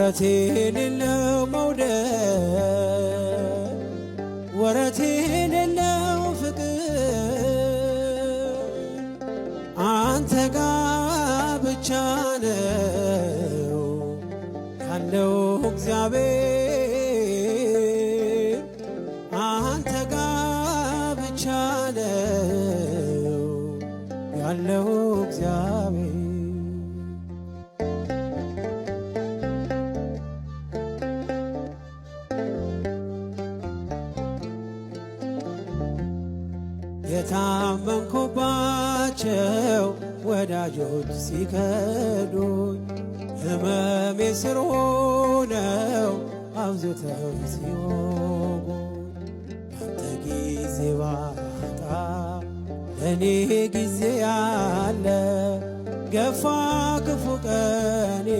ወረት የሌለው መውደድ ወረት የሌለው ፍቅር አንተ ጋ ብቻ ነው ያለው እግዚአብሔር አንተ ጋ ብቻ ነው ያለው እግዚአብሔር የታመንኩባቸው ወዳጆች ሲከዱኝ ህመሜ ስር ሆነው አብዝተው ሲወጉኝ አንተ ጊዜ ባጣ እኔ ጊዜ ያለ ገፋ ክፉ ቀኔ